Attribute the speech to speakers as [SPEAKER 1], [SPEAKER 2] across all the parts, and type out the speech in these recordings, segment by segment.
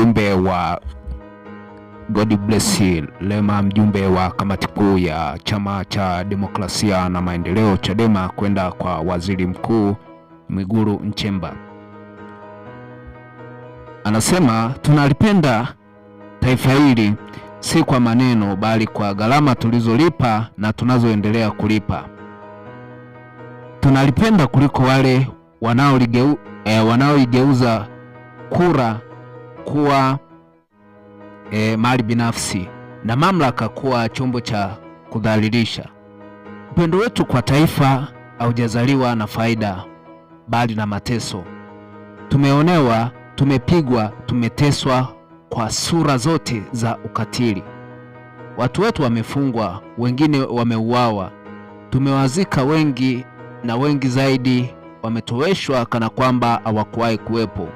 [SPEAKER 1] mjumbe wa God bless Lema, mjumbe wa kamati kuu ya chama cha demokrasia na maendeleo Chadema, kwenda kwa waziri mkuu Mwigulu Nchemba. Anasema tunalipenda taifa hili si kwa maneno, bali kwa gharama tulizolipa na tunazoendelea kulipa. Tunalipenda kuliko wale eh, wanaoigeuza kura kuwa e, mali binafsi na mamlaka kuwa chombo cha kudhalilisha. Upendo wetu kwa taifa haujazaliwa na faida, bali na mateso. Tumeonewa, tumepigwa, tumeteswa kwa sura zote za ukatili. Watu wetu wamefungwa, wengine wameuawa, tumewazika wengi, na wengi zaidi wametoweshwa kana kwamba hawakuwahi kuwepo.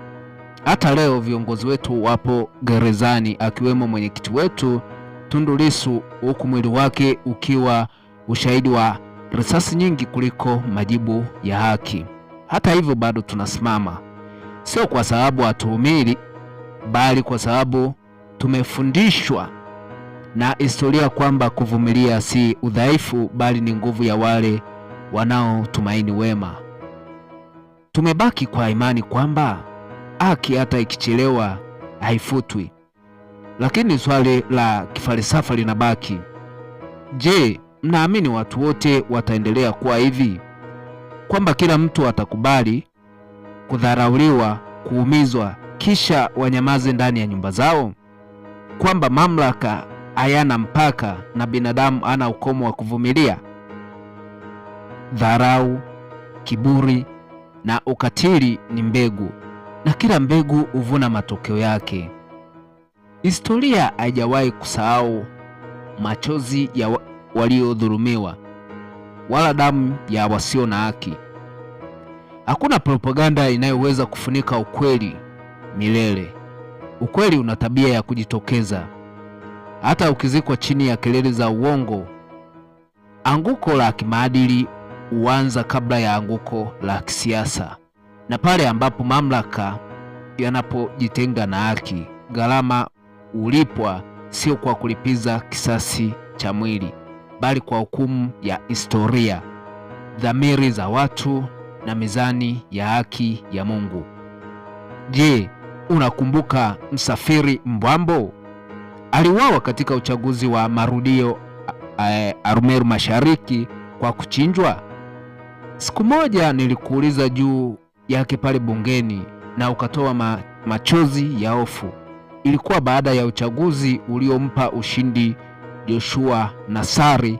[SPEAKER 1] Hata leo viongozi wetu wapo gerezani, akiwemo mwenyekiti wetu Tundu Lissu, huku mwili wake ukiwa ushahidi wa risasi nyingi kuliko majibu ya haki. Hata hivyo bado tunasimama, sio kwa sababu hatuhumili bali kwa sababu tumefundishwa na historia kwamba kuvumilia si udhaifu, bali ni nguvu ya wale wanaotumaini wema. Tumebaki kwa imani kwamba haki hata ikichelewa haifutwi. Lakini swali la kifalsafa linabaki, je, mnaamini watu wote wataendelea kuwa hivi, kwamba kila mtu atakubali kudharauliwa, kuumizwa, kisha wanyamaze ndani ya nyumba zao, kwamba mamlaka hayana mpaka na binadamu ana ukomo wa kuvumilia dharau, kiburi na ukatili ni mbegu na kila mbegu huvuna matokeo yake. Historia haijawahi kusahau machozi ya waliodhulumiwa wala damu ya wasio na haki. Hakuna propaganda inayoweza kufunika ukweli milele. Ukweli una tabia ya kujitokeza hata ukizikwa chini ya kelele za uongo. Anguko la kimaadili huanza kabla ya anguko la kisiasa na pale ambapo mamlaka yanapojitenga na haki, gharama ulipwa sio kwa kulipiza kisasi cha mwili, bali kwa hukumu ya historia, dhamiri za watu na mizani ya haki ya Mungu. Je, unakumbuka Msafiri Mbwambo? Aliuawa katika uchaguzi wa marudio Arumeru Mashariki kwa kuchinjwa. Siku moja nilikuuliza juu yake pale bungeni na ukatoa ma, machozi ya hofu. Ilikuwa baada ya uchaguzi uliompa ushindi Joshua Nassari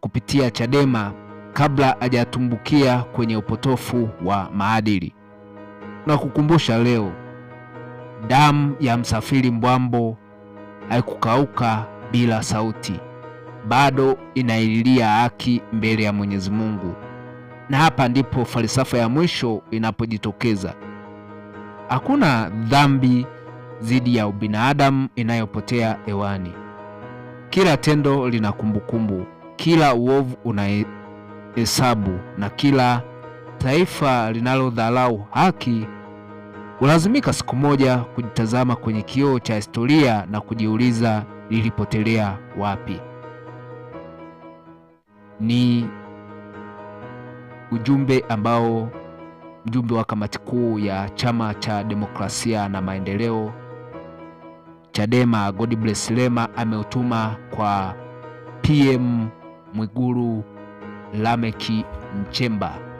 [SPEAKER 1] kupitia Chadema kabla hajatumbukia kwenye upotofu wa maadili. Na kukumbusha leo, damu ya Msafiri Mbwambo haikukauka bila sauti, bado inaililia haki mbele ya Mwenyezi Mungu. Na hapa ndipo falsafa ya mwisho inapojitokeza. Hakuna dhambi dhidi ya ubinadamu inayopotea hewani. Kila tendo lina kumbukumbu, kila uovu una hesabu, na kila taifa linalodharau haki hulazimika siku moja kujitazama kwenye kioo cha historia na kujiuliza lilipotelea wapi. Ni ujumbe ambao mjumbe wa kamati kuu ya chama cha demokrasia na maendeleo Chadema Godbless Lema ameutuma kwa PM Mwigulu Lameki Nchemba.